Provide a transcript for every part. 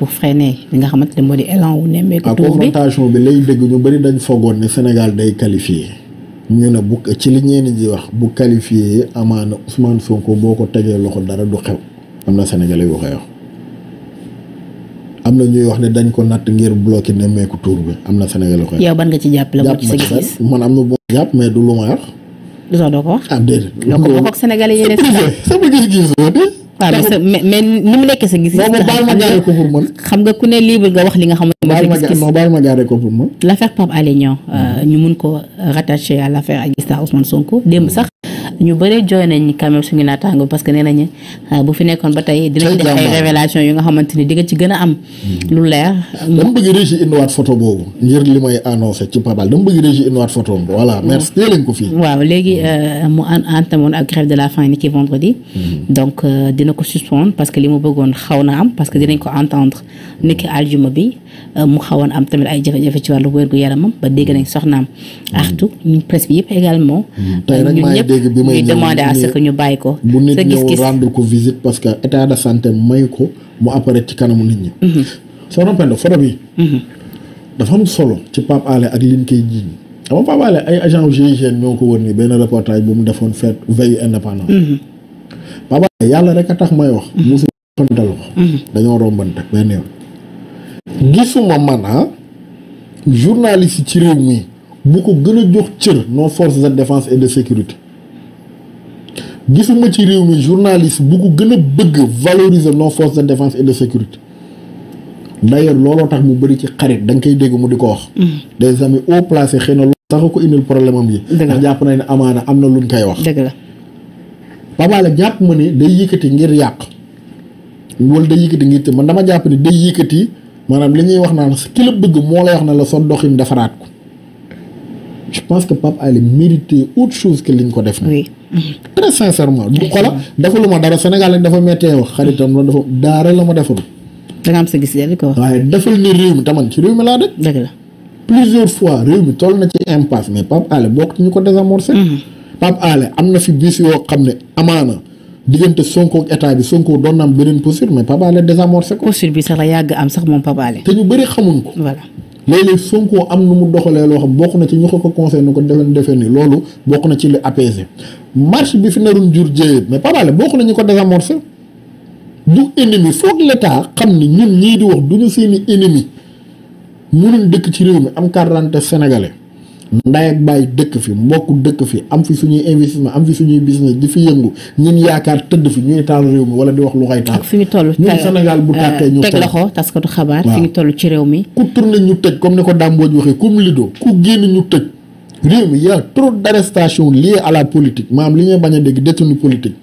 pour freiner li nga xamante ne moo di élan wu nemmeeku. tour bi confrontation bi lay dégg ñu bëri dañ foogoon ne Sénégal day qualifié. ñu ne bu ci li ñeen ji wax bu qualifié amaana Ousmane Sonko boo ko tegee loxo dara du xew. am na Sénégalais yu koy wax am na ñuy wax ne dañ ko natt ngir bloqué nemmeeku tour bi am na Sénégalais yu koy nga ci jàpp la moo ci sa man am na boo jàpp mais du lu ma wax. lu doo ko wax. ah déedéet. doo ko bokk ak Sénégalais yi ne sama gis-gis mais mais ni mu nekkee sa gis. baal ma jaaree ko pour man xam nga ku ne libre nga wax li nga xamante ne mooy. gis-gis non baal ma jaaree ko pour man. l' affaire Pape Alé euh, mm. ñu mun ko rattacher à l' affaire Adji Sarr démb sax. ñu bëree jooy nañ ñi quand même suñu naataango parce que nee nañu ah, bu fi nekkoon ba tey dinañ def ay révélation yu nga xamante ni di nga ci gën a am hmm. lu leer dama bëgg régie indiwaat photo boobu ngir li may annoncé ci Pabal dama bëgg régie indiwaat photo boobu voilà hmm. merci tée lañ ko fii waaw léegi hmm. euh, mu entamoon ak grève de la faim ni ki vendredi donc euh, dina ko suspendre parce que li mu bëggoon xaw na am parce que dinañ ko entendre ni ki aljuma bi euh, mu xawoon am tamit ay jafe ci wàllu wér-gu-yaramam ba dégg nañ soxnaam artu ñun presse muy demander à ce que ñu bàyyi ko. bu nit ñëw rendre ko visite parce que état de santé may ko mu apparaître ci kanamu nit ñi. Mm-hmm. soxna Penda photo bi. Mm-hmm. dafa am solo ci Pape Alé ak liñ koy jiiñ xam nga Pape Alé ay agent wu GIGN ñoo ko wër nii benn reportage bu mu defoon fête veille indépendance. Mm-hmm. Pape Alé yàlla rek a tax may wax. musu xantal ko. dañoo rombante benn yoon. gisuma man ah ci réew mi bu ko gën jox cër nos forces de défense et de sécurité. gisuma ci réew mi journaliste bu ko gën a bëgg valoriser nos forces de défense et de sécurité d'ailleurs looloo tax mu bëri ci xarit danga nga koy dégg mu di ko wax. Mm. des amis haut placés xëy na loolu tax ko indil problème jàpp nañ ne amaana am na luñ koy wax. dëgg la Pabal jàpp ma ne day yëkkati ngir yàq wala day yëkkati ngir te man dama jàpp ne day yëkkati maanaam li ñuy wax naa ki la bëgg moo lay wax na la sa doxin defaraat ko je pense que Pape Alé méritait autre chose que liñ ko def. oui. Mm-hmm. très sincèrement. du xola defaluma dara Sénégal dafa méttee wax xaritam la dafa daara la ma defal. da nga am sa gis yàlla ko wax. waaye defal ni réew mi taman ci réew mi laa dëkk. dëgg la plusieurs fois réew mi toll na ci impasse mais Pape Alé bokk ñu ko désamorcé. Mm-hmm. Pape Alé am na yoo xam ne amaana. diggante Sonko ak état bi Sonko doon na beneen posture mais Pape Alé yàgg sax moom Pape ñu bëri xamuñ ko. voilà léeg am nu mu doxalee loo xam bokk na ci ñu ko ko conseil ko defe defe ni loolu bokk na ci li apaisé marche bi fi naroon jur jéeyee mais Pape Alé bokk na ñu ko désamorcer du ennemi foog l'état xam ni ñun ñii di wax du ñu seeni ennemi mënuñ dëkk ci réew mi am carte d'identité sénégalais ndaay ak bàyyi dëkk fi mbokk dëkk fi am fi suñuy investissement am fi suñuy business di fi yëngu ñun yaakaar tëdd fi ñuy taal réew mi wala di wax lu xay taal. fi ñu toll ñun Sénégal bu euh, tàkkee ñu teg loxo ci réew mi. ku tourné ñu tëj comme ni ko Dame Mbodj waxee comme Lido ku génn ñu tëj. réew mi y a trop d'arrestations liées à la politique maanaam li ñuy bañ a dégg détenu politique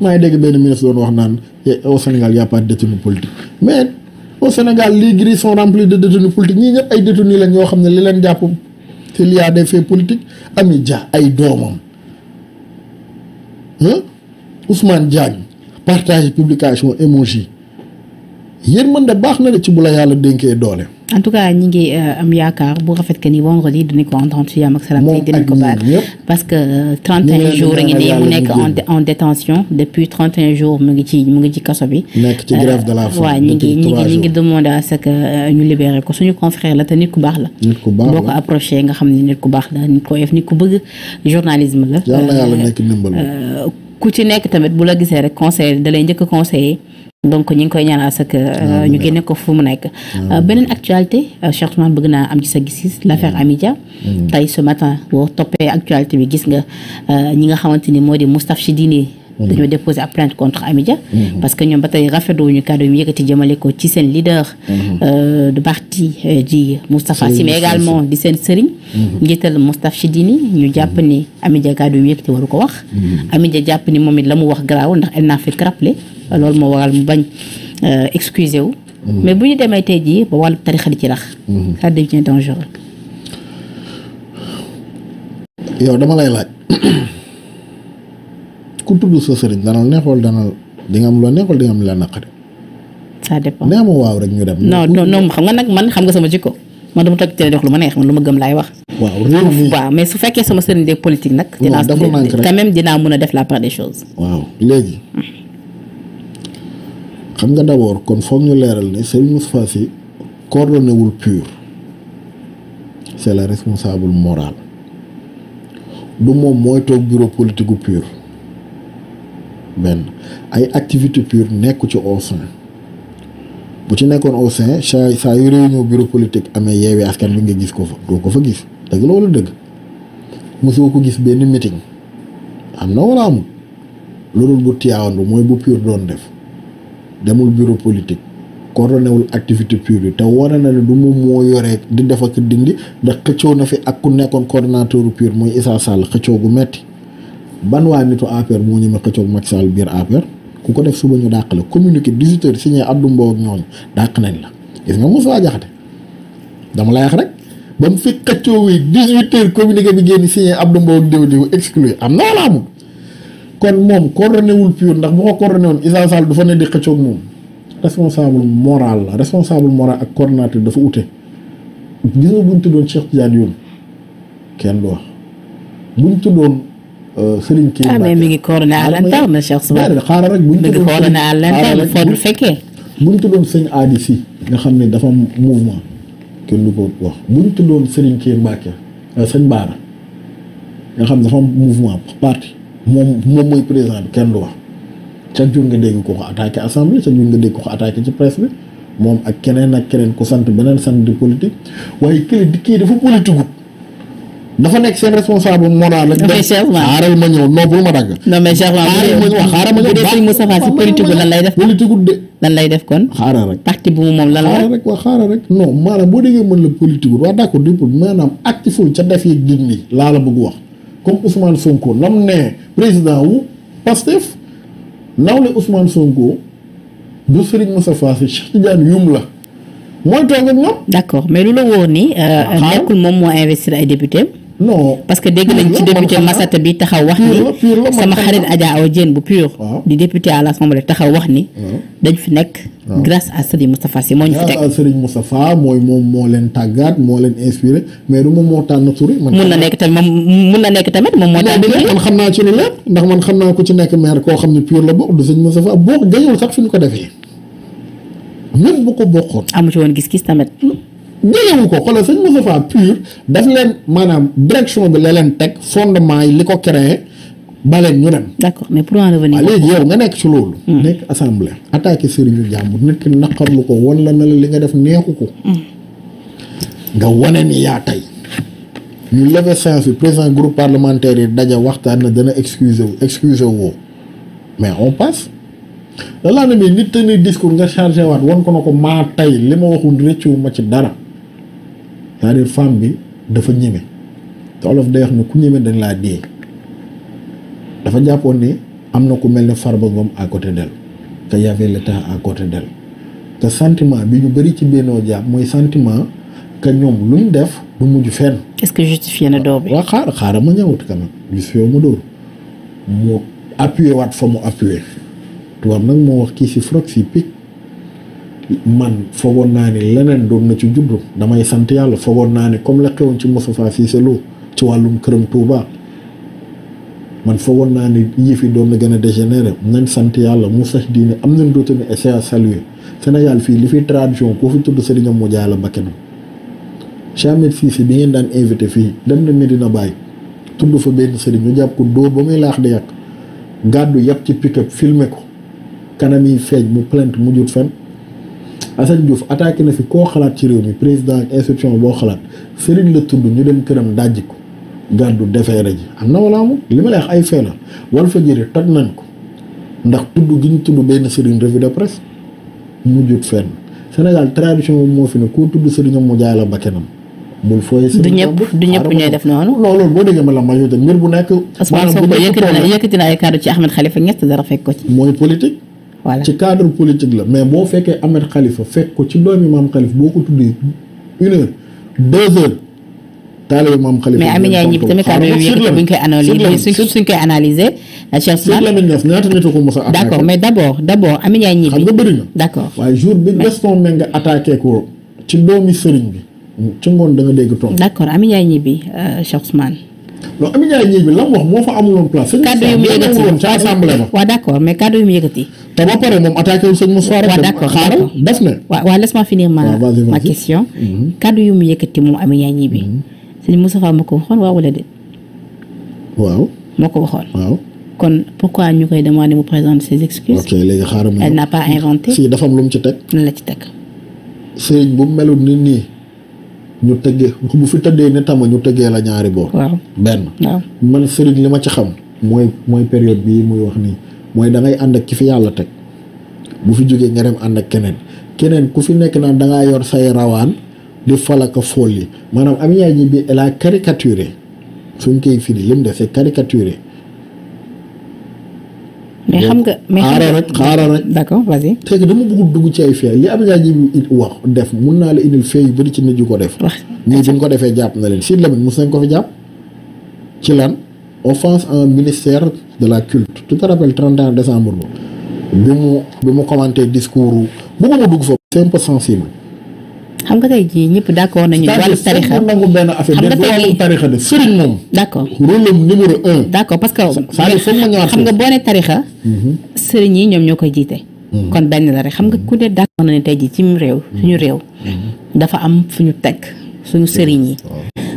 maa ngi dégg benn ministre doon wax naan eh, au Sénégal y a pas mais au Sénégal les grilles sont remplies de détenus politiques ñii ñëpp ay détenus lañ ñoo xam ne li leen jàpp c'est lié à des faits politiques Ami Dia ay doomam Ousmane Diagne partage publication émoji yéen mën de baax na de ci bu la yàlla dénkee doole. en tout cas ñi ngi euh, am yaakaar bu rafet que ni vendredi dinañ ko entendre si ko que 31 euh, jours a ngi nii mu nekk en détention depuis 31 jours mu ngi ci mu ngi ci kaso bi la euh, faim waaw ñi ngi ñi ngi ñi ngi que ñu libéré ko suñu confrère la te nit ku baax la boo ko nga xam ne nit ku baax la nit ko bëgg journalisme la ku ci nekk tamit bu la gisee rek conseil da lay njëkk conseiller donc ñi ngi koy ñaan à que euh, ñu génne ko fu mu nekk. Euh, beneen actualité euh, Cheikh Ousmane bëgg naa am ci sa gis-gis mm. l' affaire mm. Amidia. Mm. tey ce matin boo toppee actualité bi gis nga ñi nga xamante ni moo di Moustapha dañoo déposé ab plainte contre Amidia parce que ñoom ba tey rafetluwuñu kàddu yi mu yëkkati jëmale ko ci seen leader du parti di Moustapha Sy mais également di seen sëriñ njiital Moustapha Chidini ñu jàpp ni Amidia kàddu yi mu yëkkati waru ko wax Amidia jàpp ni moom it la mu wax garaaw ndax elle n'a fait rappeler loolu moo waral mu bañ euh, excusé wu. Mm-hmm. mais bu ñu demee tey jii ba wàllu tarixa di ci rax. Mm-hmm. ça devient dangereux. dama lay laaj ku tudd sa sëriñ dana neexool dana di nga am loo neexool di nga am la naqari. ça dépend nee ma waaw rek ñu dem. non non non xam nga nag man xam nga sama jikko man dama toog télé dox lu ma neex lu ma gëm laay wax. waaw réew mi ah, waaw mais su fekkee sama sëriñ de politique nag. dinaa quand même dinaa mën a def la part de choses. waaw léegi. Mm. xam nga d'abord kon foog ñu leeral ne Serigne Moustapha Sy coordonné wul pur c'est la responsable morale du moom mooy toog bureau politique gu benn ay activité pur nekku ci au sein bu ci nekkoon au sein saa saa yu réunion bureau politique amee yeewee askan bi nga gis ko fa doo ko fa gis dëgg la wala dëgg mosoo ko gis benn meeting am na wala amul loolu bu tiyaawandu mooy bu pur doon def demul bureau politique coordonné activité activité yi te wane na ne du mu moo yoree di def ak dindi ndax xëccoo na fi ak ku nekkoon coordonnateur pure mooy Issa Sall xëccoo gu metti ban waa nitu APR moo ñëme xëccoo gu Macky Sall biir APR ku ko def suba ñu dàq la communiqué 18 heures ab Abdou Mbow ak ñooñu dàq nañ la gis nga Moussa Diakhaté dama la yàq rek ba mu fi xëccoo wi 18 heures communiqué bi génn signé Abdou Mbow ak diw diw am na wala kon moom coordonné wul pur ndax bu ko coordonné woon Issa du fa ne di xëccoog moom responsable moral la responsable moral ak coordonnateur dafa ute gis nga buñ tuddoon Cheikh Tidiane Youm kenn du wax buñ tuddoon euh, Serigne Kine Mbacké ah mais mi ngi coordonné à ah, l'interne Cheikh Soumaré xaaral buñ tuddoon mi ngi coordonné nga xam ne dafa mouvement kenn du ko wax buñ tuddoon Serigne Kine Mbacké euh, sëñ Baara nga xam ne dafa mouvement parti moom moom mooy président bi kenn du wax chaque jour nga dégg ko ko attaqué assemblée chaque jour nga dégg ko ko attaqué ci presse bi moom ak keneen ak keneen ko sant beneen sant di politique waaye kële di kii dafa politique dafa nekk seen responsable moral ak. dafay Cheikh xaaral ma ñëw non pour ma dagg. non mais Cheikh ma ñëw xaaral ma ñëw bu dee si politique lan lay def. politique de. lan lay def kon. xaaral rek parti bu mu moom lan la. xaaral rek waaw xaaral rek non maanaam boo déggee mën la politique waaw d' accord du maanaam actiful ca def yi dig laa la bëgg wax. comme Ousmane Sonko lam ne président wu Pastef nawle Ousmane Sonko du Serigne Moustapha Sy Cheikh Tidiane Youm la mooy toog ak ñoom. d'accord mais lu la wóor ni. Euh, ah, nekkul moom moo investir ay député non parce que dégg nañ ci député Massata bi taxaw wax ni sama xarit Adja Awa Diène bu pur ah. di député à l'Assemblée taxaw wax ni ah. dañ fi nekk ah. grâce à Serigne Moustapha Sy moo ñu fi teg grâce à Serigne Moustapha mooy moom moo leen tàggaat moo leen inspiré mais du moom moo tànn man mun na nekk tamit moom mun na nekk tamit moom moo tànn man xam naa ci lu leer ndax man xam naa ko ci nekk maire koo xam ne pur la bokk du Serigne Moustapha boo gañul sax fi ñu ko defee même bu ko bokkoon amu ci gis-gis tamit jëlewu ko xoolal sëñ Moustapha pur daf leen maanaam direction bi la leen teg fondement yi li ko créé baleen ñu dem. d'accord mais pour en revenir. léegi yow nga nekk ci loolu. Hmm. nekk assemblée attaqué sëriñu jàmbur nit ki naqarlu ko won la na li nga def neexu ko. Hmm. nga wane ni yaa tey. ñu levé séance bi président groupe parlementaire yi daja waxtaan na dana excuse wu excuse woo mais on passe. la laa ne mais nit te ni discours nga chargé waat wan ko na ko maa tey li ma waxu rëccu ma ci dara. cest à bi dafa ñeme te olof day wax ne ku ñeme dañ laa dee dafa jàppoon ni am na ku mel ni Farba Ngom à côté d'elle te y avait l'État à côté d'elle te sentiment bi ñu bëri ci bennoo jàpp mooy sentiment que ñoom lu luñ def du mujj fenn. est-ce que justifié na doo bi. xaaral ma ñëwut quand même ma dóor mu appuyé waat fa mu appuyé tubaab nag moo wax kii si frog si picc. man foogoon naa ni leneen doon na ci jublu damay sant yàlla foogoon naa ni comme la xewoon ci Moustapha Cissé Lo ci wàllum këram Touba man foogoon naa ni yëf fi doon na gën a dégénéré nañ sant yàlla mu sax diine am nañ dootu ne essai à saluer Sénégal fii li fi tradition koo fi tudd sëriñam mu jaay la bakkanam Cheikh Ahmed bi ngeen daan invité fii dem na Medina Baye tudd fa benn sëriñ ñu jàpp ko dóor ba muy laax di yàq gàddu yàpp ci pick-up ko kanam yi feeñ mu plainte mu jut fen Assane Diouf attaqué na fi koo xalaat ci réew mi président ak institution boo xalaat Serigne la tudd ñu dem këram dajji ko gàddu defeere ji am na wala amul li ma lay wax ay fee la Walfadjri toj nañ ko ndax tudd gi ñu tudd benn Serigne revue de presse mujjut fenn Sénégal tradition moo fi ne koo tudd Serigne mu jaay la bakkenam bul fooy du ñëpp du ñëpp ñooy def noonu. non loolu boo déggee ma la ma yow mbir bu nekk. maanaam bu nekk yëkkati na yëkkati na ko ci. mooy politique. voilà ci cadre politique la mais boo fekkee Ahmed Khalifa fekk ko ci doomi maam Khalifa boo ko tuddee une heure deux heures. taalibe maam Khalifa mais Amy Ndiaye ñibbi koy analyser suñ koy analyser. Cheikh ko mos mais d' abord d' abord ñibbi. xam nga bëri na d' accord waaye jour ko ci doomi sëriñ bi ci ngoon da dégg toog. d' accord Amy Ndiaye ñibbi euh, Cheikh Soumar. non Amy Ndiaye ñibbi la mu wax moo fa amuloon place. kaddu yu mu yëkkati sëñ bi sëñ mais kaddu yu mu yëkkati. te ba pare moom attaqué sëñ Moussa rek. waaw d' accord xaaral def na. waaw waaw laisse-moi finir ma ma question. Mhm. kaddu yu mu yëkkati moom Amy Ndiaye bi mhm. sëñ Moussa ma ko waxoon waaw wala déet. waaw. moo ko waxoon. waaw kon pourquoi ñu koy demandé mu présenter ses excuses. ok léegi xaaral ma elle n'a pas inventé. si dafa am lu mu ci teg. lan la ci teg. sëriñ bu melut ni nii ñu tëggee bu fi tëddee ne tama ñu tëggee la ñaari boor. waaw benn. waaw man sëriñ li ma ci xam. mooy mooy période bii muy wax nii. mooy da ànd ak ki fi yàlla teg bu fi jógee nga dem ànd ak keneen keneen ku fi nekk naan da yor say rawaan di falaka fool yi maanaam am yaay ñi bi elle a suñ koy firi lim de c'est caricaturé. mais xam nga mais xaaral rek xaaral rek d'accord dugg ci ay fee am yaa ñi wax def mun naa la indil fee yu bëri ci nit yu ko def. nii ñii bu ko defee jàpp na leen si mu mos nañ ko fi jàpp ci lan. offense en ministère de la culte tu te rappelles 31 décembre ba bi mu bi mu commenté discours bu ma dugg foofu c'est sensible. xam nga tey ji ñëpp d'accord nañu wàllu tarixa xam nga benn affaire de wàllu tarixa de sëriñ moom d'accord rôle numéro un d'accord xam nga boo ne tarixa sëriñ yi ñoom ñoo koy jiite kon benn la rek xam nga ku ne d'accord na ne tey jii ci réew suñu réew dafa am fu ñu teg suñu sëriñ yi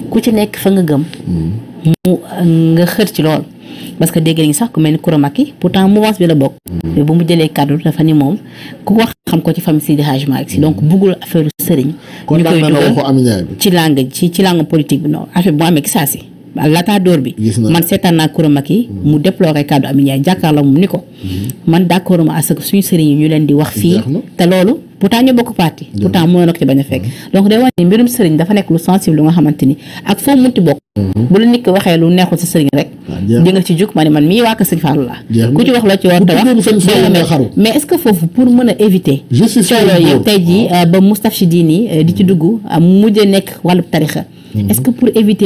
ku ci nekk fa nga gëm mu nga xër ci lool parce que dégg sax ku mel ni Kouramaki pourtant mouvance bi la bokk. Mm. mais bu mu jëlee kàddu dafa ni moom ku wax xam ko ci famille Seydi Hadji Malick Sy donc buggul affaire sëriñ. ñu koy dugal ci langue ci ci langue politique bi non affaire bu mu amee ki saa si laata door bi. man seetaan naa Kouramaki mm. mu déploré kàddu Amy Ndiaye jàkkaarloo mu ni ko. Mm. man d' accord ma à suñu sëriñ yi ñu leen di wax fii te loolu. pourtant ñu bokk parti pourtant mënoon na ko ci bañ a fekk donc day wàññi mbirum sëriñ dafa nekk lu sensible lu nga xamante ni ak foo munti bokk mhm. bu la nit waxee lu neexul sa sëriñ rek ah, di ci jug ma ne man mii waa ko sëñ Fallou la ku ci wax la ci war ta wax mais est-ce que foofu a éviter cooloo yëpp tey jii euh, ba Moustaphidiine yi euh, di ci mhm. dugg euh, mhm.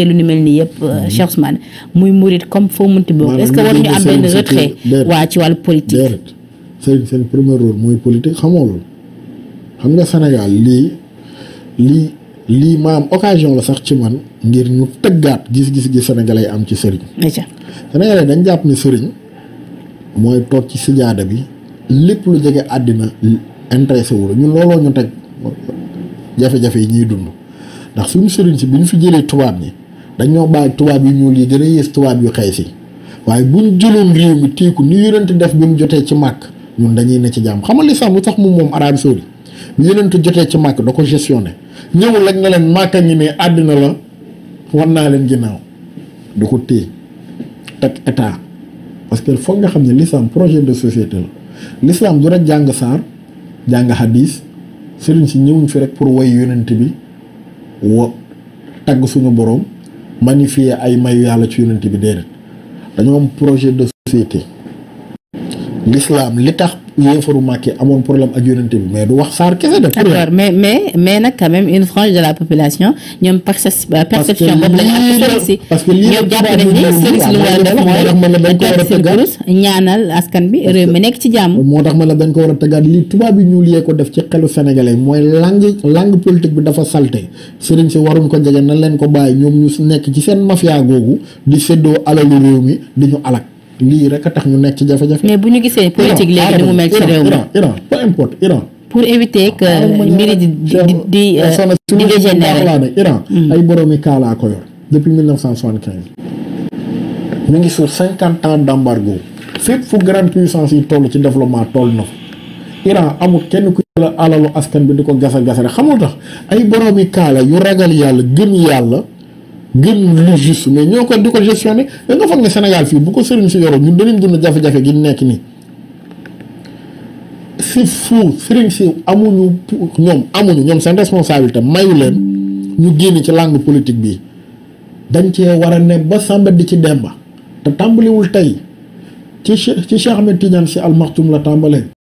lu ni mel nii yëpp Cheikh Ousmane muy murit comme foo munti bokk est-ce que war ñu am benn retrait waa ci wàllu politique sëriñ seen premier rôle mooy politique xamoo loolu xam nga senegaal lii lii lii maam occasion la sax ci man ngir ñu tëggaat gis-gis gi sénégalais am ci sëriñ. sénégalais dañ jàpp ni sëriñ mooy toog ci sijaada bi lépp lu jege àddina intéressé wu la ñun looloo ñu teg jafe-jafe yi ñuy dund ndax suñu sëriñ si bi ñu fi jëlee tubaab ñi dañoo bàyyi tubaab yu ñuul yi gën a yées tubaab yu xëy si waaye buñ jëloon réew mi tiiku ni yonent def bi mu jotee ci màkk ñun dañuy ne ci jàmm xamal li sax mu tax mu moom Arabie Saoudite yonent jotee ci màkk da ko gestionné ñëwul lañ na leen màkka ngi ne àdduna la wan naa leen ginnaaw da ko téye teg état parce que foo nga xam ne l'islam projet de société la l'islam du rek jàng saar jàng hadis sëriñ si ñëwuñ fi rek pour woy yonent bi wo tagg suñu borom magnifier ay mayu yàlla ci yonent bi déedéet dañoo am projet de société l'islam li tax yéefaru Màkke amoon problème ak yonent bi mais du wax saar kese de. d'accord mais mais mais nag quand même une de la population ñoom euh, perception boobu la ñu parce que lii ñoom dañ ko war a tëggaat ñaanal askan bi réew mi nekk ci jàmm moo tax ma dañ ko war a tëggaat lii tubaab yi ñuul yee ko def ci xelu sénégalais mooy langue langue politique bi dafa salté sëriñ si waruñ ko jege nan leen ko bàyyi ñoom ñu nekk ci seen mafia googu di séddoo alalu réew mi di ñu lii rek a tax ñu nekk ci jafe-jafe. mais bu ñu gisee politique léegi ni mu mel ci réew mi Iran Iran importe Iran. pour éviter que ah, mbiri di di di di dégénéré euh, Iran. Hmm. ay boroomi kaalaa ko yor depuis 1975. mu ngi sur cinquante ans d' embargo fépp fu grande puissance yi toll ci développement toll na fa Iran amul kenn ku alalu askan bi di ko gasa gasa rek xamul tax ay boroomi kaala yu ragal yàlla gën yàlla. ngir lu juste mais ñoo ko di ko gestionné da nga foog ne Sénégal fii bu ko sëriñ si yoroon ñu dañuy dund jafe-jafe gi nekk nii si fou sëriñ si amuñu ñoom amuñu ñoom seen responsabilité mayu leen ñu génn ci langue politique bi dañ cee war a ne ba sàmba di ci demba te tàmbaliwul tey ci ci Cheikh Ahmed Tidiane si almaxtum la tàmbalee